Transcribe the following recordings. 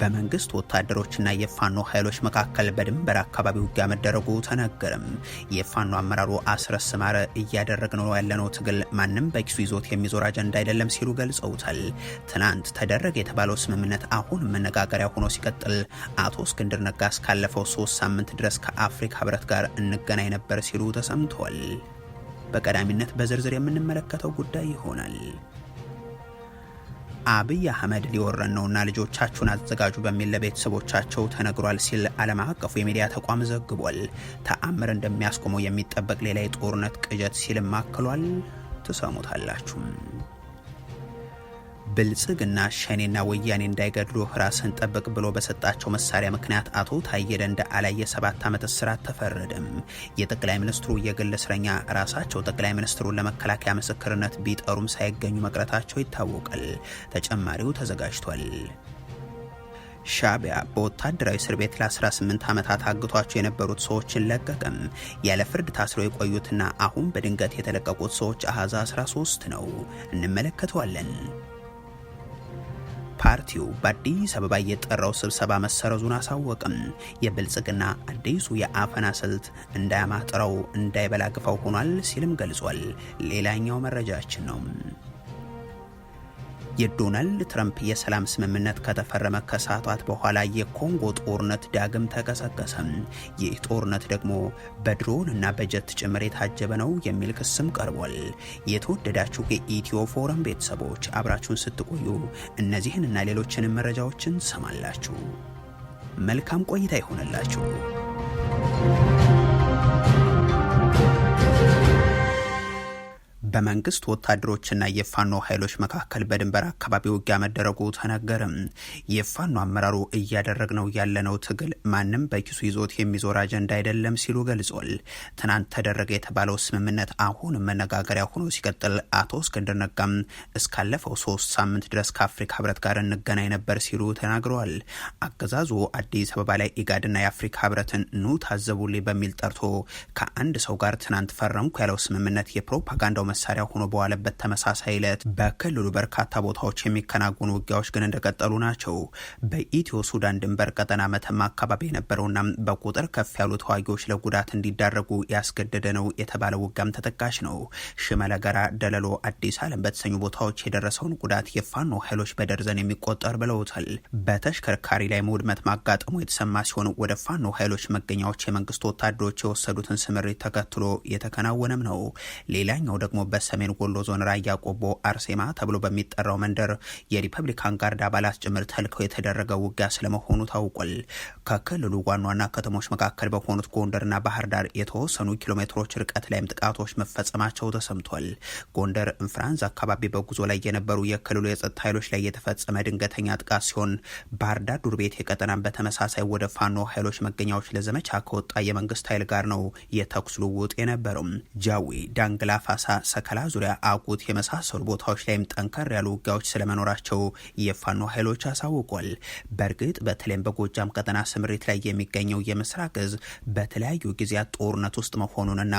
በመንግስት ወታደሮችና የፋኖ ኃይሎች መካከል በድንበር አካባቢ ውጊያ መደረጉ ተነገርም። የፋኖ አመራሩ አስረስ ማረ እያደረግነው ያለነው ትግል ማንም በኪሱ ይዞት የሚዞር አጀንዳ አይደለም ሲሉ ገልጸውታል። ትናንት ተደረገ የተባለው ስምምነት አሁን መነጋገሪያ ሆኖ ሲቀጥል አቶ እስክንድር ነጋ እስካለፈው ሶስት ሳምንት ድረስ ከአፍሪካ ህብረት ጋር እንገናኝ ነበር ሲሉ ተሰምተዋል። በቀዳሚነት በዝርዝር የምንመለከተው ጉዳይ ይሆናል። አብይ አህመድ ሊወረን ነውና ልጆቻችሁን አዘጋጁ በሚል ለቤተሰቦቻቸው ተነግሯል ሲል ዓለም አቀፉ የሚዲያ ተቋም ዘግቧል። ተአምር እንደሚያስቆመው የሚጠበቅ ሌላ የጦርነት ቅዠት ሲልም አክሏል። ትሰሙታላችሁም። ብልጽግና ሸኔና ወያኔ እንዳይገድሉ ራስን ጠብቅ ብሎ በሰጣቸው መሳሪያ ምክንያት አቶ ታዬ ደንደአ ላይ የሰባት ዓመት እስራት ተፈረደም። የጠቅላይ ሚኒስትሩ የግል እስረኛ ራሳቸው ጠቅላይ ሚኒስትሩን ለመከላከያ ምስክርነት ቢጠሩም ሳይገኙ መቅረታቸው ይታወቃል። ተጨማሪው ተዘጋጅቷል። ሻቢያ በወታደራዊ እስር ቤት ለ18 ዓመታት አግቷቸው የነበሩት ሰዎችን ለቀቅም ያለ ፍርድ ታስረው የቆዩትና አሁን በድንገት የተለቀቁት ሰዎች አሃዛ 13 ነው። እንመለከተዋለን። ፓርቲው በአዲስ አበባ የጠራው ስብሰባ መሰረዙን አሳወቅም። የብልጽግና አዲሱ የአፈና ስልት እንዳያማጥረው እንዳይበላግፈው ሆኗል ሲልም ገልጿል። ሌላኛው መረጃችን ነው። የዶናልድ ትራምፕ የሰላም ስምምነት ከተፈረመ ከሰዓታት በኋላ የኮንጎ ጦርነት ዳግም ተቀሰቀሰም። ይህ ጦርነት ደግሞ በድሮን እና በጀት ጭምር የታጀበ ነው የሚል ክስም ቀርቧል። የተወደዳችሁ የኢትዮ ፎረም ቤተሰቦች አብራችሁን ስትቆዩ እነዚህን እና ሌሎችንም መረጃዎችን ሰማላችሁ። መልካም ቆይታ ይሆንላችሁ። በመንግስት ወታደሮችና የፋኖ ኃይሎች መካከል በድንበር አካባቢ ውጊያ መደረጉ ተነገርም። የፋኖ አመራሩ እያደረግነው ያለነው ትግል ማንም በኪሱ ይዞት የሚዞር አጀንዳ አይደለም ሲሉ ገልጿል። ትናንት ተደረገ የተባለው ስምምነት አሁን መነጋገሪያ ሆኖ ሲቀጥል አቶ እስክንድር ነጋም እስካለፈው ሶስት ሳምንት ድረስ ከአፍሪካ ህብረት ጋር እንገናኝ ነበር ሲሉ ተናግረዋል። አገዛዙ አዲስ አበባ ላይ ኢጋድና የአፍሪካ ህብረትን ኑ ታዘቡልኝ በሚል ጠርቶ ከአንድ ሰው ጋር ትናንት ፈረምኩ ያለው ስምምነት የፕሮፓጋንዳው መሳሪያ ሆኖ በዋለበት ተመሳሳይ ዕለት በክልሉ በርካታ ቦታዎች የሚከናወኑ ውጊያዎች ግን እንደቀጠሉ ናቸው። በኢትዮ ሱዳን ድንበር ቀጠና መተማ አካባቢ የነበረውና በቁጥር ከፍ ያሉ ተዋጊዎች ለጉዳት እንዲዳረጉ ያስገደደ ነው የተባለ ውጊያም ተጠቃሽ ነው። ሽመለገራ፣ ደለሎ፣ አዲስ ዓለም በተሰኙ ቦታዎች የደረሰውን ጉዳት የፋኖ ኃይሎች በደርዘን የሚቆጠር ብለውታል። በተሽከርካሪ ላይ መውድመት ማጋጠሙ የተሰማ ሲሆን ወደ ፋኖ ኃይሎች መገኛዎች የመንግስት ወታደሮች የወሰዱትን ስምሪት ተከትሎ የተከናወነም ነው። ሌላኛው ደግሞ በሰሜን ወሎ ዞን ራያ ቆቦ አርሴማ ተብሎ በሚጠራው መንደር የሪፐብሊካን ጋርድ አባላት ጭምር ተልከው የተደረገ ውጊያ ስለመሆኑ ታውቋል። ከክልሉ ዋና ዋና ከተሞች መካከል በሆኑት ጎንደርና ባህር ዳር የተወሰኑ ኪሎ ሜትሮች ርቀት ላይም ጥቃቶች መፈጸማቸው ተሰምቷል። ጎንደር እንፍራንዝ አካባቢ በጉዞ ላይ የነበሩ የክልሉ የጸጥታ ኃይሎች ላይ የተፈጸመ ድንገተኛ ጥቃት ሲሆን፣ ባህር ዳር ዱር ቤት የቀጠናን በተመሳሳይ ወደ ፋኖ ኃይሎች መገኛዎች ለዘመቻ ከወጣ የመንግስት ኃይል ጋር ነው የተኩስ ልውውጥ የነበረው። ጃዊ ዳንግላ ፋሳ ሰከላ ዙሪያ አቁት የመሳሰሉ ቦታዎች ላይም ጠንከር ያሉ ውጊያዎች ስለመኖራቸው የፋኖ ኃይሎች አሳውቋል። በእርግጥ በተለይም በጎጃም ቀጠና ስምሪት ላይ የሚገኘው የምስራቅ እዝ በተለያዩ ጊዜያት ጦርነት ውስጥ መሆኑንና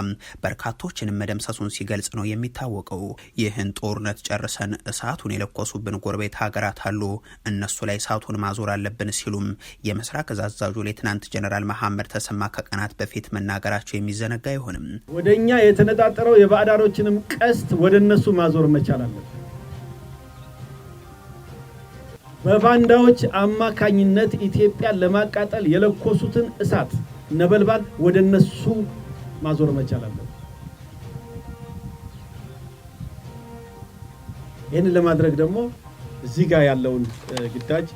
በርካቶችንም መደምሰሱን ሲገልጽ ነው የሚታወቀው። ይህን ጦርነት ጨርሰን እሳቱን የለኮሱብን ጎረቤት ሀገራት አሉ፣ እነሱ ላይ እሳቱን ማዞር አለብን ሲሉም የምስራቅ እዝ አዛዡ ሌትናንት ጀነራል መሐመድ ተሰማ ከቀናት በፊት መናገራቸው የሚዘነጋ አይሆንም። ወደ እኛ የተነጣጠረው የባዕዳሮችንም ቀስት ወደ እነሱ ማዞር መቻል አለበት። በባንዳዎች አማካኝነት ኢትዮጵያን ለማቃጠል የለኮሱትን እሳት ነበልባል ወደ እነሱ ማዞር መቻል አለበት። ይህንን ለማድረግ ደግሞ እዚህ ጋር ያለውን ግዳጅ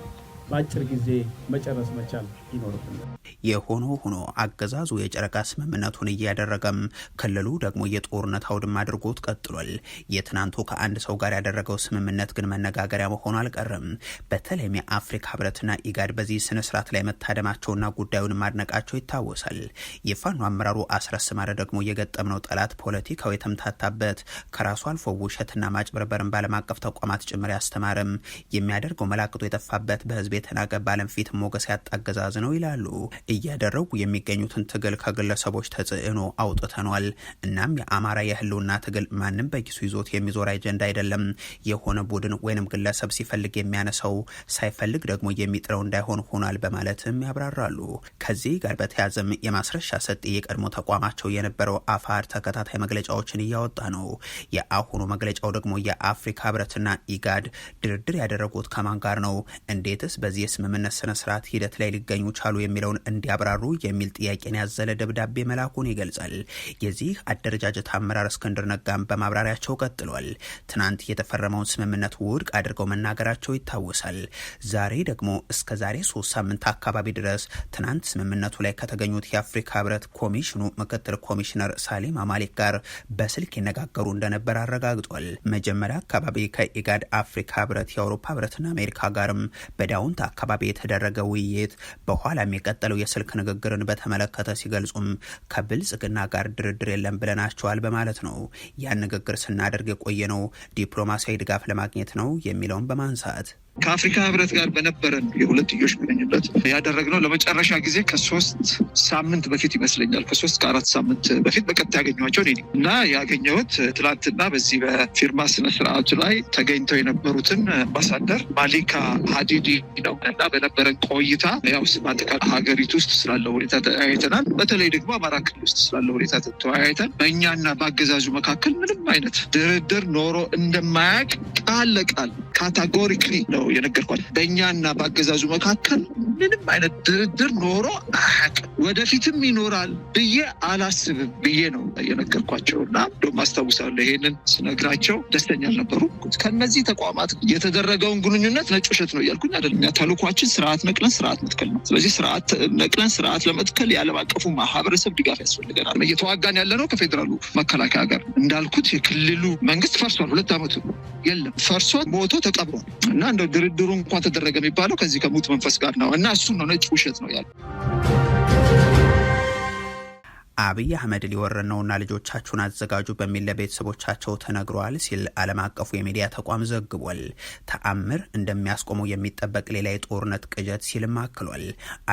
በአጭር ጊዜ መጨረስ መቻል ይኖርብናል። የሆኖ ሆኖ አገዛዙ የጨረቃ ስምምነቱን እያደረገም ክልሉ ደግሞ የጦርነት አውድም አድርጎት ቀጥሏል። የትናንቱ ከአንድ ሰው ጋር ያደረገው ስምምነት ግን መነጋገሪያ መሆኑ አልቀርም። በተለይም የአፍሪካ ህብረትና ኢጋድ በዚህ ስነስርዓት ላይ መታደማቸውና ጉዳዩን ማድነቃቸው ይታወሳል። የፋኖ አመራሩ አስረስ ማረ ደግሞ የገጠምነው ጠላት ፖለቲካው የተምታታበት ከራሱ አልፎ ውሸትና ማጭበርበርን ባለም አቀፍ ተቋማት ጭምር ያስተማርም የሚያደርገው መላክቶ የጠፋበት በህዝብ የተናቀ ባለም ፊት ሞገስ ያጣገዛዝ ነው ይላሉ። እያደረጉ የሚገኙትን ትግል ከግለሰቦች ተጽዕኖ አውጥተኗል። እናም የአማራ የህልውና ትግል ማንም በኪሱ ይዞት የሚዞር አጀንዳ አይደለም። የሆነ ቡድን ወይንም ግለሰብ ሲፈልግ የሚያነሳው ሳይፈልግ ደግሞ የሚጥለው እንዳይሆን ሆኗል በማለትም ያብራራሉ። ከዚህ ጋር በተያያዘም የማስረሻ ሰጤ የቀድሞ ተቋማቸው የነበረው አፋር ተከታታይ መግለጫዎችን እያወጣ ነው። የአሁኑ መግለጫው ደግሞ የአፍሪካ ህብረትና ኢጋድ ድርድር ያደረጉት ከማን ጋር ነው? እንዴትስ በዚህ የስምምነት ስነስርዓት ሂደት ላይ ሊገኙ ቻሉ የሚለውን እንዲያብራሩ የሚል ጥያቄን ያዘለ ደብዳቤ መላኩን ይገልጻል። የዚህ አደረጃጀት አመራር እስክንድር ነጋም በማብራሪያቸው ቀጥሏል። ትናንት የተፈረመውን ስምምነት ውድቅ አድርገው መናገራቸው ይታወሳል። ዛሬ ደግሞ እስከ ዛሬ ሶስት ሳምንት አካባቢ ድረስ ትናንት ስምምነቱ ላይ ከተገኙት የአፍሪካ ህብረት ኮሚሽኑ ምክትል ኮሚሽነር ሳሌም አማሌክ ጋር በስልክ ይነጋገሩ እንደነበር አረጋግጧል። መጀመሪያ አካባቢ ከኢጋድ አፍሪካ ህብረት፣ የአውሮፓ ህብረትና አሜሪካ ጋርም በዳውንት አካባቢ የተደረገ ውይይት በ በኋላም የቀጠለው የስልክ ንግግርን በተመለከተ ሲገልጹም ከብልጽግና ጋር ድርድር የለም ብለናቸዋል በማለት ነው። ያን ንግግር ስናደርግ የቆየ ነው ዲፕሎማሲያዊ ድጋፍ ለማግኘት ነው የሚለውን በማንሳት ከአፍሪካ ህብረት ጋር በነበረን የሁለትዮሽ ግንኙነት ያደረግነው ለመጨረሻ ጊዜ ከሶስት ሳምንት በፊት ይመስለኛል። ከሶስት ከአራት ሳምንት በፊት በቀጥታ ያገኘኋቸው እኔ እና ያገኘሁት ትላንትና በዚህ በፊርማ ስነስርዓቱ ላይ ተገኝተው የነበሩትን አምባሳደር ማሊካ ሀዲዲ ነው እና በነበረን ቆይታ ያው ስማጥቃት ሀገሪቱ ውስጥ ስላለው ሁኔታ ተወያይተናል። በተለይ ደግሞ አማራ ክልል ውስጥ ስላለው ሁኔታ ተወያይተን በእኛና በአገዛዙ መካከል ምንም አይነት ድርድር ኖሮ እንደማያውቅ ቃል ለቃል ካታጎሪክሊ ነው የነገርኳል። በእኛና በአገዛዙ መካከል ምንም አይነት ድርድር ኖሮ አያቅ ወደፊትም ይኖራል ብዬ አላስብም ብዬ ነው የነገርኳቸው እና እንደውም አስታውሳለሁ ይሄንን ስነግራቸው ደስተኛ አልነበሩ ከነዚህ ተቋማት የተደረገውን ግንኙነት ነጭ ሸት ነው እያልኩኝ አደለም ተልኳችን ስርዓት ነቅለን ስርዓት መትከል ነው። ስለዚህ ስርዓት ነቅለን ስርዓት ለመትከል የዓለም አቀፉ ማህበረሰብ ድጋፍ ያስፈልገናል። እየተዋጋን ያለ ነው ከፌዴራሉ መከላከያ ጋር እንዳልኩት የክልሉ መንግስት ፈርሷል። ሁለት አመቱ የለም ፈርሶ ሞቶ ተቀብሯል እና እንደ ድርድሩ እንኳን ተደረገ የሚባለው ከዚህ ከሙት መንፈስ ጋር ነው እና እሱ ነው ነጭ ውሸት ነው ያለ አብይ አህመድ ሊወረን ነውና ልጆቻችሁን አዘጋጁ በሚል ለቤተሰቦቻቸው ተነግሯል ሲል ዓለም አቀፉ የሚዲያ ተቋም ዘግቧል። ተአምር እንደሚያስቆመው የሚጠበቅ ሌላ የጦርነት ቅዠት ሲልም አክሏል።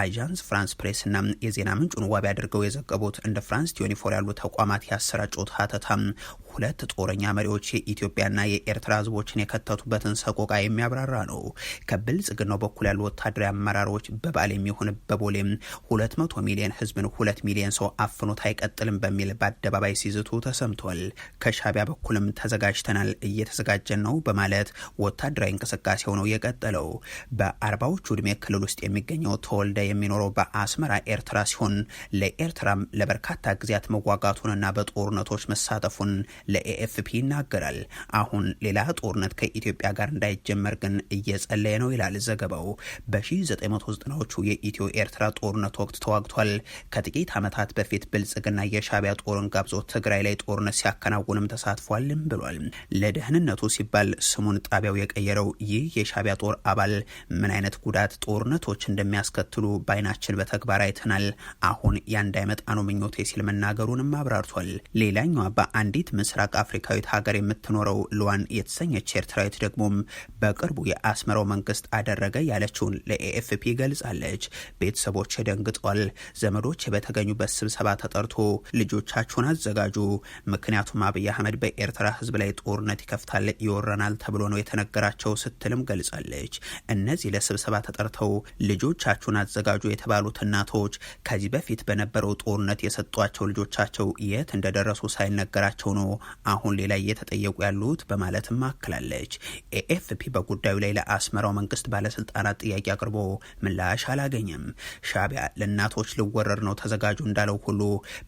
አዣንስ ፍራንስ ፕሬስና የዜና ምንጩን ዋቢ አድርገው የዘገቡት እንደ ፍራንስ ቲዮኒፎር ያሉ ተቋማት ያሰራጩት ሀተታም ሁለት ጦረኛ መሪዎች የኢትዮጵያና የኤርትራ ህዝቦችን የከተቱበትን ሰቆቃ የሚያብራራ ነው። ከብልጽግናው በኩል ያሉ ወታደራዊ አመራሮች በባል የሚሆን በቦሌም ሁለት መቶ ሚሊዮን ህዝብን ሁለት ሚሊዮን ሰው አፍኖት አይቀጥልም በሚል በአደባባይ ሲዝቱ ተሰምቷል። ከሻቢያ በኩልም ተዘጋጅተናል፣ እየተዘጋጀን ነው በማለት ወታደራዊ እንቅስቃሴ ሆነው የቀጠለው በአርባዎቹ ዕድሜ ክልል ውስጥ የሚገኘው ተወልደ የሚኖረው በአስመራ ኤርትራ ሲሆን ለኤርትራም ለበርካታ ጊዜያት መዋጋቱንና በጦርነቶች መሳተፉን ለኤኤፍፒ ይናገራል። አሁን ሌላ ጦርነት ከኢትዮጵያ ጋር እንዳይጀመር ግን እየጸለየ ነው ይላል ዘገባው። በ1990ዎቹ የኢትዮ ኤርትራ ጦርነት ወቅት ተዋግቷል። ከጥቂት ዓመታት በፊት ብልጽግና የሻቢያ ጦርን ጋብዞ ትግራይ ላይ ጦርነት ሲያከናውንም ተሳትፏልም ብሏል። ለደህንነቱ ሲባል ስሙን ጣቢያው የቀየረው ይህ የሻቢያ ጦር አባል ምን አይነት ጉዳት ጦርነቶች እንደሚያስከትሉ በአይናችን በተግባር አይተናል። አሁን ያ እንዳይመጣ ነው ምኞቴ ሲል መናገሩንም አብራርቷል። ሌላኛዋ በአንዲት ምስ በምስራቅ አፍሪካዊት ሀገር የምትኖረው ልዋን የተሰኘች ኤርትራዊት ደግሞም በቅርቡ የአስመራው መንግስት አደረገ ያለችውን ለኤኤፍፒ ገልጻለች። ቤተሰቦች ደንግጧል። ዘመዶች በተገኙበት ስብሰባ ተጠርቶ ልጆቻችሁን አዘጋጁ፣ ምክንያቱም አብይ አህመድ በኤርትራ ህዝብ ላይ ጦርነት ይከፍታል፣ ይወረናል ተብሎ ነው የተነገራቸው ስትልም ገልጻለች። እነዚህ ለስብሰባ ተጠርተው ልጆቻችሁን አዘጋጁ የተባሉት እናቶች ከዚህ በፊት በነበረው ጦርነት የሰጧቸው ልጆቻቸው የት እንደደረሱ ሳይነገራቸው ነው አሁን ሌላ እየተጠየቁ ያሉት በማለትም አክላለች። ኤኤፍፒ በጉዳዩ ላይ ለአስመራው መንግስት ባለስልጣናት ጥያቄ አቅርቦ ምላሽ አላገኘም። ሻቢያ ለእናቶች ልወረር ነው ተዘጋጁ እንዳለው ሁሉ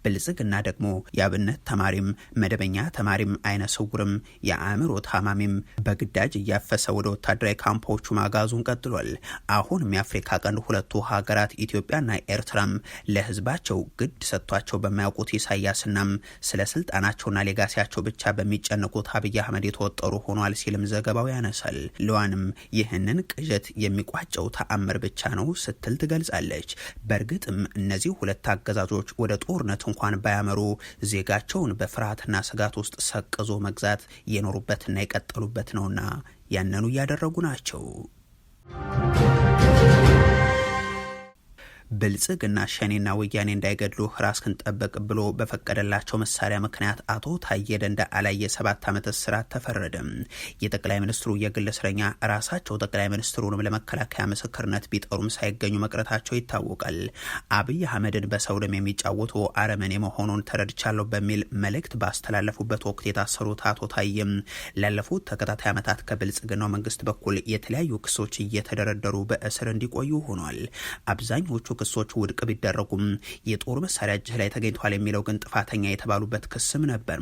ብልጽግና ደግሞ የአብነት ተማሪም መደበኛ ተማሪም አይነ ስውርም የአእምሮ ታማሚም በግዳጅ እያፈሰ ወደ ወታደራዊ ካምፖቹ ማጋዙን ቀጥሏል። አሁንም የአፍሪካ ቀንድ ሁለቱ ሀገራት ኢትዮጵያና ኤርትራም ለህዝባቸው ግድ ሰጥቷቸው በማያውቁት ኢሳያስናም ስለ ስልጣናቸውና ሌጋሲ ጉዳያቸው ብቻ በሚጨነቁት አብይ አህመድ የተወጠሩ ሆኗል ሲልም ዘገባው ያነሳል። ለዋንም ይህንን ቅዠት የሚቋጨው ተአምር ብቻ ነው ስትል ትገልጻለች። በእርግጥም እነዚህ ሁለት አገዛዞች ወደ ጦርነት እንኳን ባያመሩ ዜጋቸውን በፍርሃትና ስጋት ውስጥ ሰቅዞ መግዛት የኖሩበትና የቀጠሉበት ነውና ያንኑ እያደረጉ ናቸው። ብልጽግና ሸኔና ወያኔ እንዳይገድሉ ራስ ጠበቅ ብሎ በፈቀደላቸው መሳሪያ ምክንያት አቶ ታዬ ደንደዓ አላየ ሰባት ዓመት እስራት ተፈረደ። የጠቅላይ ሚኒስትሩ የግል እስረኛ ራሳቸው ጠቅላይ ሚኒስትሩንም ለመከላከያ ምስክርነት ቢጠሩም ሳይገኙ መቅረታቸው ይታወቃል። አብይ አህመድን በሰው ደም የሚጫወቱ አረመኔ መሆኑን ተረድቻለሁ በሚል መልእክት ባስተላለፉበት ወቅት የታሰሩት አቶ ታዬም ላለፉት ተከታታይ ዓመታት ከብልጽግናው መንግስት በኩል የተለያዩ ክሶች እየተደረደሩ በእስር እንዲቆዩ ሆኗል። አብዛኞቹ ክሶች ውድቅ ቢደረጉም የጦር መሳሪያ እጅህ ላይ ተገኝቷል የሚለው ግን ጥፋተኛ የተባሉበት ክስም ነበር።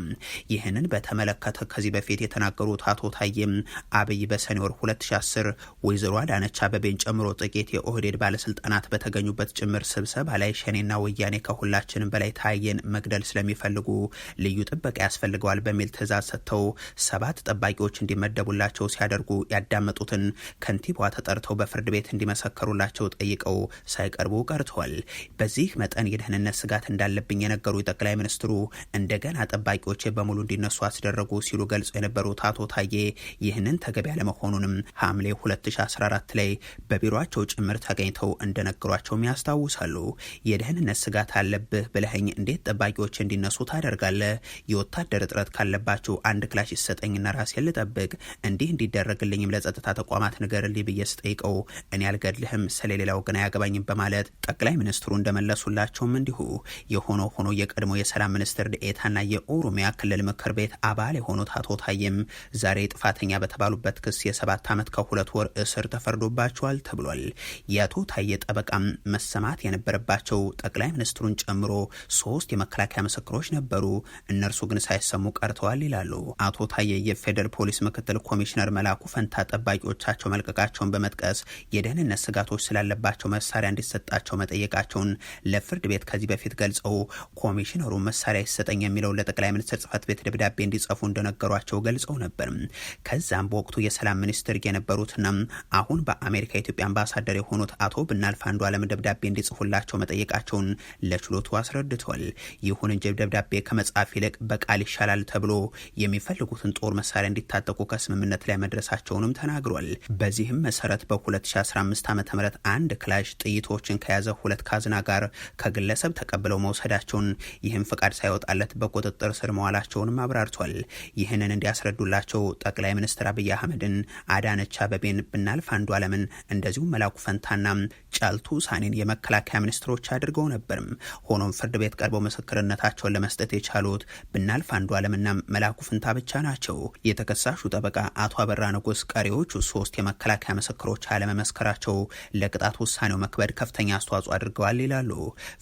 ይህንን በተመለከተ ከዚህ በፊት የተናገሩት አቶ ታዬም አብይ በሰኔ ወር 2010 ወይዘሮ አዳነች አበቤን ጨምሮ ጥቂት የኦህዴድ ባለስልጣናት በተገኙበት ጭምር ስብሰባ ላይ ሸኔና ወያኔ ከሁላችንም በላይ ታዬን መግደል ስለሚፈልጉ ልዩ ጥበቃ ያስፈልገዋል በሚል ትዕዛዝ ሰጥተው ሰባት ጠባቂዎች እንዲመደቡላቸው ሲያደርጉ ያዳመጡትን ከንቲባዋ ተጠርተው በፍርድ ቤት እንዲመሰከሩላቸው ጠይቀው ሳይቀርቡ ቀርቷል። በዚህ መጠን የደህንነት ስጋት እንዳለብኝ የነገሩ ጠቅላይ ሚኒስትሩ እንደገና ጠባቂዎች በሙሉ እንዲነሱ አስደረጉ ሲሉ ገልጾ የነበሩት አቶ ታዬ ይህንን ተገቢ ያለመሆኑንም ሐምሌ 2014 ላይ በቢሮቸው ጭምር ተገኝተው እንደነገሯቸውም ያስታውሳሉ። የደህንነት ስጋት አለብህ ብለኸኝ እንዴት ጠባቂዎች እንዲነሱ ታደርጋለህ? የወታደር እጥረት ካለባቸው አንድ ክላሽ ይሰጠኝና ራሴን ልጠብቅ፣ እንዲህ እንዲደረግልኝም ለጸጥታ ተቋማት ንገርልኝ ብዬ ስጠይቀው እኔ አልገድልህም ስለሌላው ግን አያገባኝም በማለት ጠቅላይ ሚኒስትሩ እንደመለሱላቸውም እንዲሁ የሆኖ ሆኖ የቀድሞ የሰላም ሚኒስትር ድኤታና የኦሮሚያ ክልል ምክር ቤት አባል የሆኑት አቶ ታዬም ዛሬ ጥፋተኛ በተባሉበት ክስ የሰባት ዓመት ከሁለት ወር እስር ተፈርዶባቸዋል ተብሏል። የአቶ ታዬ ጠበቃም መሰማት የነበረባቸው ጠቅላይ ሚኒስትሩን ጨምሮ ሶስት የመከላከያ ምስክሮች ነበሩ፣ እነርሱ ግን ሳይሰሙ ቀርተዋል ይላሉ። አቶ ታዬ የፌዴራል ፖሊስ ምክትል ኮሚሽነር መላኩ ፈንታ ጠባቂዎቻቸው መልቀቃቸውን በመጥቀስ የደህንነት ስጋቶች ስላለባቸው መሳሪያ እንዲሰጣቸው እንዲሰጣቸው መጠየቃቸውን ለፍርድ ቤት ከዚህ በፊት ገልጸው ኮሚሽነሩ መሳሪያ ይሰጠኝ የሚለው ለጠቅላይ ሚኒስትር ጽህፈት ቤት ደብዳቤ እንዲጽፉ እንደነገሯቸው ገልጸው ነበር። ከዛም በወቅቱ የሰላም ሚኒስትር የነበሩትና አሁን በአሜሪካ የኢትዮጵያ አምባሳደር የሆኑት አቶ ብናልፍ አንዱ አለም ደብዳቤ እንዲጽፉላቸው መጠየቃቸውን ለችሎቱ አስረድተዋል። ይሁን እንጂ ደብዳቤ ከመጻፍ ይልቅ በቃል ይሻላል ተብሎ የሚፈልጉትን ጦር መሳሪያ እንዲታጠቁ ከስምምነት ላይ መድረሳቸውንም ተናግሯል። በዚህም መሰረት በ2015 ዓ ም አንድ ክላሽ ጥይቶችን ከተያዘ ሁለት ካዝና ጋር ከግለሰብ ተቀብለው መውሰዳቸውን ይህም ፈቃድ ሳይወጣለት በቁጥጥር ስር መዋላቸውንም አብራርቷል። ይህንን እንዲያስረዱላቸው ጠቅላይ ሚኒስትር አብይ አህመድን፣ አዳነች አበቤን፣ ብናልፍ አንዱ አለምን እንደዚሁም መላኩ ፈንታና ጫልቱ ሳኔን የመከላከያ ሚኒስትሮች አድርገው ነበርም። ሆኖም ፍርድ ቤት ቀርበው ምስክርነታቸውን ለመስጠት የቻሉት ብናልፍ አንዱ አለምና መላኩ ፍንታ ብቻ ናቸው። የተከሳሹ ጠበቃ አቶ አበራ ንጉስ ቀሪዎቹ ሶስት የመከላከያ ምስክሮች አለመመስከራቸው ለቅጣት ውሳኔው መክበድ ከፍተኛ አስተዋጽኦ አድርገዋል ይላሉ።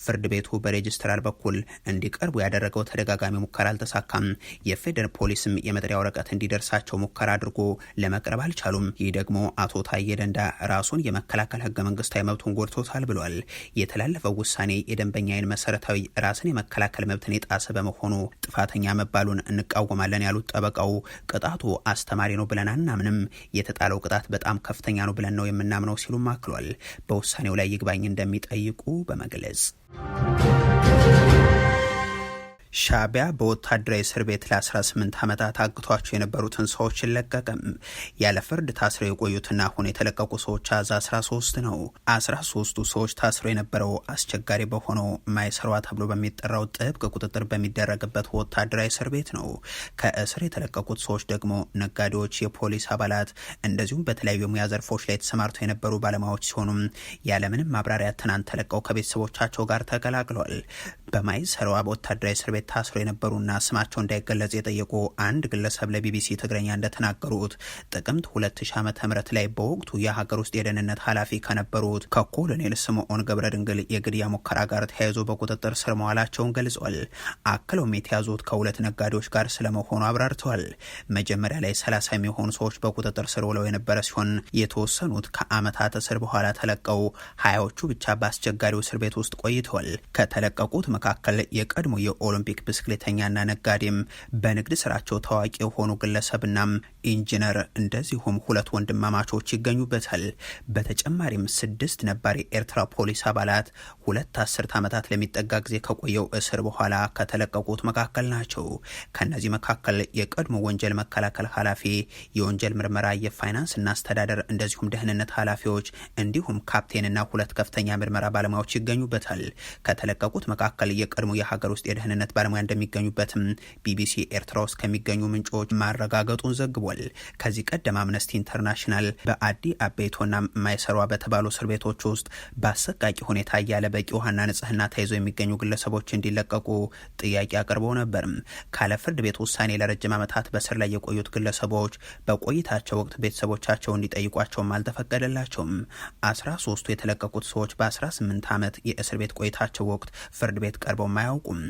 ፍርድ ቤቱ በሬጅስትራር በኩል እንዲቀርቡ ያደረገው ተደጋጋሚ ሙከራ አልተሳካም። የፌዴራል ፖሊስም የመጥሪያ ወረቀት እንዲደርሳቸው ሙከራ አድርጎ ለመቅረብ አልቻሉም። ይህ ደግሞ አቶ ታዬ ደንዳ ራሱን የመከላከል ህገ መንግስታዊ መብቱን ጎድቶታል ብሏል። የተላለፈው ውሳኔ የደንበኛዬን መሰረታዊ ራስን የመከላከል መብትን የጣሰ በመሆኑ ጥፋተኛ መባሉን እንቃወማለን ያሉት ጠበቃው ቅጣቱ አስተማሪ ነው ብለን አናምንም፣ የተጣለው ቅጣት በጣም ከፍተኛ ነው ብለን ነው የምናምነው ሲሉም አክሏል። በውሳኔው ላይ ይግባኝ እንደ እንደሚጠይቁ በመግለጽ ሻቢያ በወታደራዊ እስር ቤት ለ18 ዓመታት አግቷቸው የነበሩትን ሰዎች ለቀቀም። ያለ ፍርድ ታስረው የቆዩትና አሁን የተለቀቁ ሰዎች አዝ 13 ነው። 13ቱ ሰዎች ታስረው የነበረው አስቸጋሪ በሆነው ማይሰሯ ተብሎ በሚጠራው ጥብቅ ቁጥጥር በሚደረግበት ወታደራዊ እስር ቤት ነው። ከእስር የተለቀቁት ሰዎች ደግሞ ነጋዴዎች፣ የፖሊስ አባላት እንደዚሁም በተለያዩ የሙያ ዘርፎች ላይ ተሰማርተው የነበሩ ባለሙያዎች ሲሆኑም ያለምንም ማብራሪያ ትናንት ተለቀው ከቤተሰቦቻቸው ጋር ተቀላቅሏል። በማይሰረዋ በወታደራዊ እስር ቤት ታስረው የነበሩና ስማቸው እንዳይገለጽ የጠየቁ አንድ ግለሰብ ለቢቢሲ ትግረኛ እንደተናገሩት ጥቅምት 2000 ዓ ም ላይ በወቅቱ የሀገር ውስጥ የደህንነት ኃላፊ ከነበሩት ከኮሎኔል ስምዖን ገብረ ድንግል የግድያ ሙከራ ጋር ተያይዞ በቁጥጥር ስር መዋላቸውን ገልጿል። አክለውም የተያዙት ከሁለት ነጋዴዎች ጋር ስለመሆኑ አብራርተዋል። መጀመሪያ ላይ 30 የሚሆኑ ሰዎች በቁጥጥር ስር ውለው የነበረ ሲሆን የተወሰኑት ከዓመታት እስር በኋላ ተለቀው ሀያዎቹ ብቻ በአስቸጋሪው እስር ቤት ውስጥ ቆይተዋል። ከተለቀቁት መካከል የቀድሞ የኦሎምፒክ ብስክሌተኛና ነጋዴም በንግድ ስራቸው ታዋቂ የሆኑ ግለሰብና ኢንጂነር እንደዚሁም ሁለት ወንድማማቾች ይገኙበታል። በተጨማሪም ስድስት ነባር የኤርትራ ፖሊስ አባላት ሁለት አስርት ዓመታት ለሚጠጋ ጊዜ ከቆየው እስር በኋላ ከተለቀቁት መካከል ናቸው። ከእነዚህ መካከል የቀድሞ ወንጀል መከላከል ኃላፊ፣ የወንጀል ምርመራ፣ የፋይናንስና አስተዳደር እንደዚሁም ደህንነት ኃላፊዎች እንዲሁም ካፕቴንና ሁለት ከፍተኛ ምርመራ ባለሙያዎች ይገኙበታል። ከተለቀቁት መካከል መካከል የቀድሞ የሀገር ውስጥ የደህንነት ባለሙያ እንደሚገኙበትም ቢቢሲ ኤርትራ ውስጥ ከሚገኙ ምንጮች ማረጋገጡን ዘግቧል። ከዚህ ቀደም አምነስቲ ኢንተርናሽናል በአዲ አቤቶና ማይሰሯ በተባሉ እስር ቤቶች ውስጥ በአሰቃቂ ሁኔታ ያለ በቂ ውሃና ንጽህና ተይዘው የሚገኙ ግለሰቦች እንዲለቀቁ ጥያቄ አቅርበው ነበር። ካለ ፍርድ ቤት ውሳኔ ለረጅም ዓመታት በስር ላይ የቆዩት ግለሰቦች በቆይታቸው ወቅት ቤተሰቦቻቸው እንዲጠይቋቸውም አልተፈቀደላቸውም። አስራ ሶስቱ የተለቀቁት ሰዎች በ18 ዓመት የእስር ቤት ቆይታቸው ወቅት ፍርድ ቤት ቀርበውም አያውቁም።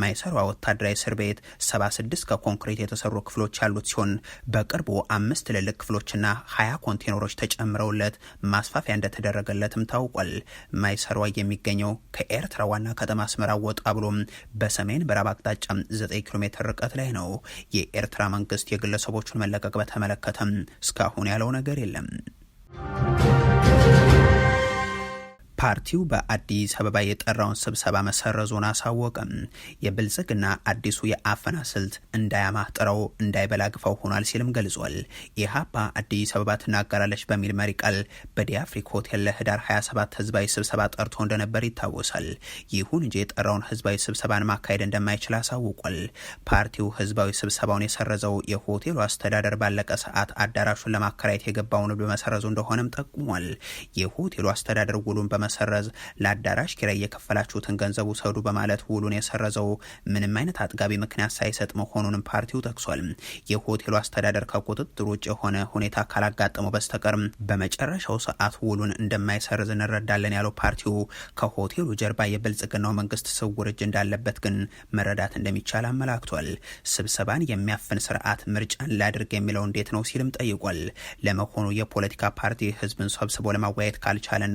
ማይሰሯ ወታደራዊ እስር ቤት 76 ከኮንክሪት የተሰሩ ክፍሎች ያሉት ሲሆን በቅርቡ አምስት ትልልቅ ክፍሎችና 20 ኮንቴነሮች ተጨምረውለት ማስፋፊያ እንደተደረገለትም ታውቋል። ማይሰሯ የሚገኘው ከኤርትራ ዋና ከተማ አስመራ ወጣ ብሎም በሰሜን ምዕራብ አቅጣጫ 9 ኪሎ ሜትር ርቀት ላይ ነው። የኤርትራ መንግስት የግለሰቦቹን መለቀቅ በተመለከተም እስካሁን ያለው ነገር የለም። ፓርቲው በአዲስ አበባ የጠራውን ስብሰባ መሰረዙን አሳወቅም። የብልጽግና አዲሱ የአፈና ስልት እንዳያማጥረው እንዳይበላግፈው ሆኗል ሲልም ገልጿል። ኢህአፓ አዲስ አበባ ትናገራለች በሚል መሪ ቃል በዲአፍሪክ ሆቴል ለህዳር 27 ህዝባዊ ስብሰባ ጠርቶ እንደነበር ይታወሳል። ይሁን እንጂ የጠራውን ህዝባዊ ስብሰባን ማካሄድ እንደማይችል አሳውቋል። ፓርቲው ህዝባዊ ስብሰባውን የሰረዘው የሆቴሉ አስተዳደር ባለቀ ሰዓት አዳራሹን ለማከራየት የገባውን በመሰረዙ እንደሆነም ጠቁሟል። የሆቴሉ አስተዳደር ውሉን በመ በመሰረዝ ለአዳራሽ ኪራይ የከፈላችሁትን ገንዘብ ውሰዱ በማለት ውሉን የሰረዘው ምንም አይነት አጥጋቢ ምክንያት ሳይሰጥ መሆኑንም ፓርቲው ጠቅሷል። የሆቴሉ አስተዳደር ከቁጥጥር ውጭ የሆነ ሁኔታ ካላጋጠመው በስተቀር በመጨረሻው ሰዓት ውሉን እንደማይሰርዝ እንረዳለን ያለው ፓርቲው ከሆቴሉ ጀርባ የብልጽግናው መንግስት ስውር እጅ እንዳለበት ግን መረዳት እንደሚቻል አመላክቷል። ስብሰባን የሚያፍን ስርዓት ምርጫን ላድርግ የሚለው እንዴት ነው ሲልም ጠይቋል። ለመሆኑ የፖለቲካ ፓርቲ ህዝብን ሰብስቦ ለማወያየት ካልቻለና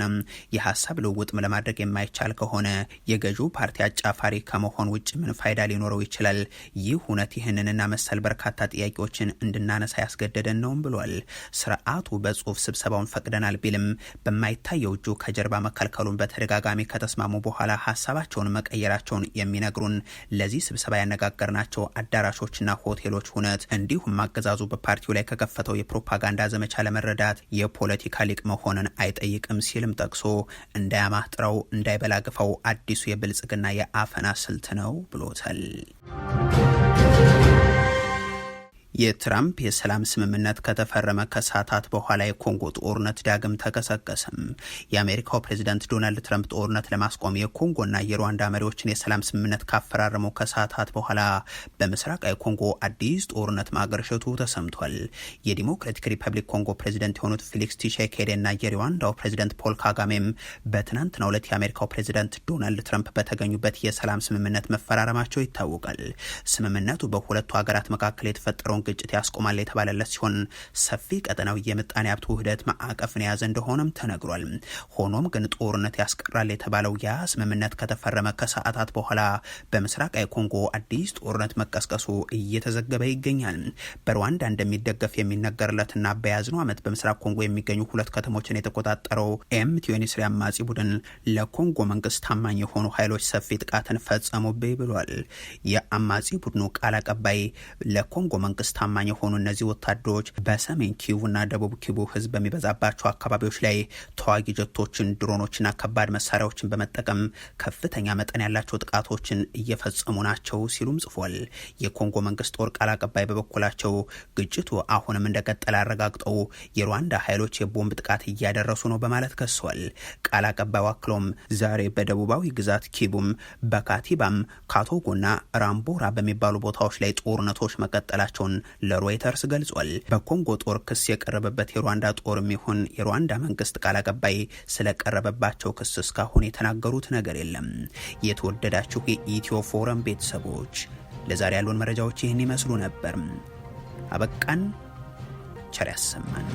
የሀሳብ ልውውጥም ለማድረግ የማይቻል ከሆነ የገዢው ፓርቲ አጫፋሪ ከመሆን ውጭ ምን ፋይዳ ሊኖረው ይችላል? ይህ እውነት ይህንንና መሰል በርካታ ጥያቄዎችን እንድናነሳ ያስገደደን ነውም ብሏል። ስርዓቱ በጽሁፍ ስብሰባውን ፈቅደናል ቢልም በማይታየው እጁ ከጀርባ መከልከሉን በተደጋጋሚ ከተስማሙ በኋላ ሀሳባቸውን መቀየራቸውን የሚነግሩን ለዚህ ስብሰባ ያነጋገርናቸው አዳራሾችና ሆቴሎች እውነት እንዲሁም አገዛዙ በፓርቲው ላይ ከከፈተው የፕሮፓጋንዳ ዘመቻ ለመረዳት የፖለቲካ ሊቅ መሆንን አይጠይቅም ሲልም ጠቅሶ እንዳያማጥረው እንዳይበላግፈው አዲሱ የብልጽግና የአፈና ስልት ነው ብሎታል። የትራምፕ የሰላም ስምምነት ከተፈረመ ከሰዓታት በኋላ የኮንጎ ጦርነት ዳግም ተቀሰቀሰም። የአሜሪካው ፕሬዚደንት ዶናልድ ትራምፕ ጦርነት ለማስቆም የኮንጎና የሩዋንዳ መሪዎችን የሰላም ስምምነት ካፈራረሙ ከሰዓታት በኋላ በምስራቃዊ ኮንጎ አዲስ ጦርነት ማገርሸቱ ተሰምቷል። የዲሞክራቲክ ሪፐብሊክ ኮንጎ ፕሬዚደንት የሆኑት ፌሊክስ ቲሼኬዴና የሩዋንዳው ፕሬዚደንት ፖል ካጋሜም በትናንትናው ዕለት የአሜሪካው ፕሬዚደንት ዶናልድ ትራምፕ በተገኙበት የሰላም ስምምነት መፈራረማቸው ይታወቃል። ስምምነቱ በሁለቱ ሀገራት መካከል የተፈጠረው የተነሳውን ግጭት ያስቆማል የተባለለት ሲሆን ሰፊ ቀጠናዊ የምጣኔ ሀብት ውህደት ማዕቀፍን የያዘ እንደሆነም ተነግሯል። ሆኖም ግን ጦርነት ያስቀራል የተባለው ያ ስምምነት ከተፈረመ ከሰዓታት በኋላ በምስራቃዊ ኮንጎ አዲስ ጦርነት መቀስቀሱ እየተዘገበ ይገኛል። በሩዋንዳ እንደሚደገፍ የሚነገርለትና በያዝነው ዓመት በምስራቅ ኮንጎ የሚገኙ ሁለት ከተሞችን የተቆጣጠረው ኤም ቲዩኒስሪ አማጺ ቡድን ለኮንጎ መንግስት ታማኝ የሆኑ ኃይሎች ሰፊ ጥቃትን ፈጸሙብኝ ብሏል። የአማጺ ቡድኑ ቃል አቀባይ ለኮንጎ መንግስት ለመንግስት ታማኝ የሆኑ እነዚህ ወታደሮች በሰሜን ኪቡና ደቡብ ኪቡ ህዝብ በሚበዛባቸው አካባቢዎች ላይ ተዋጊ ጀቶችን፣ ድሮኖችና ከባድ መሳሪያዎችን በመጠቀም ከፍተኛ መጠን ያላቸው ጥቃቶችን እየፈጸሙ ናቸው ሲሉም ጽፏል። የኮንጎ መንግስት ጦር ቃል አቀባይ በበኩላቸው ግጭቱ አሁንም እንደቀጠለ አረጋግጠው የሩዋንዳ ኃይሎች የቦምብ ጥቃት እያደረሱ ነው በማለት ከሷል። ቃል አቀባዩ አክሎም ዛሬ በደቡባዊ ግዛት ኪቡም በካቲባም ካቶጎና ራምቦራ በሚባሉ ቦታዎች ላይ ጦርነቶች መቀጠላቸውን ለሮይተርስ ገልጿል። በኮንጎ ጦር ክስ የቀረበበት የሩዋንዳ ጦርም ይሁን የሩዋንዳ መንግስት ቃል አቀባይ ስለቀረበባቸው ክስ እስካሁን የተናገሩት ነገር የለም። የተወደዳችሁ የኢትዮ ፎረም ቤተሰቦች ለዛሬ ያሉን መረጃዎች ይህን ይመስሉ ነበር። አበቃን። ቸር ያሰማን።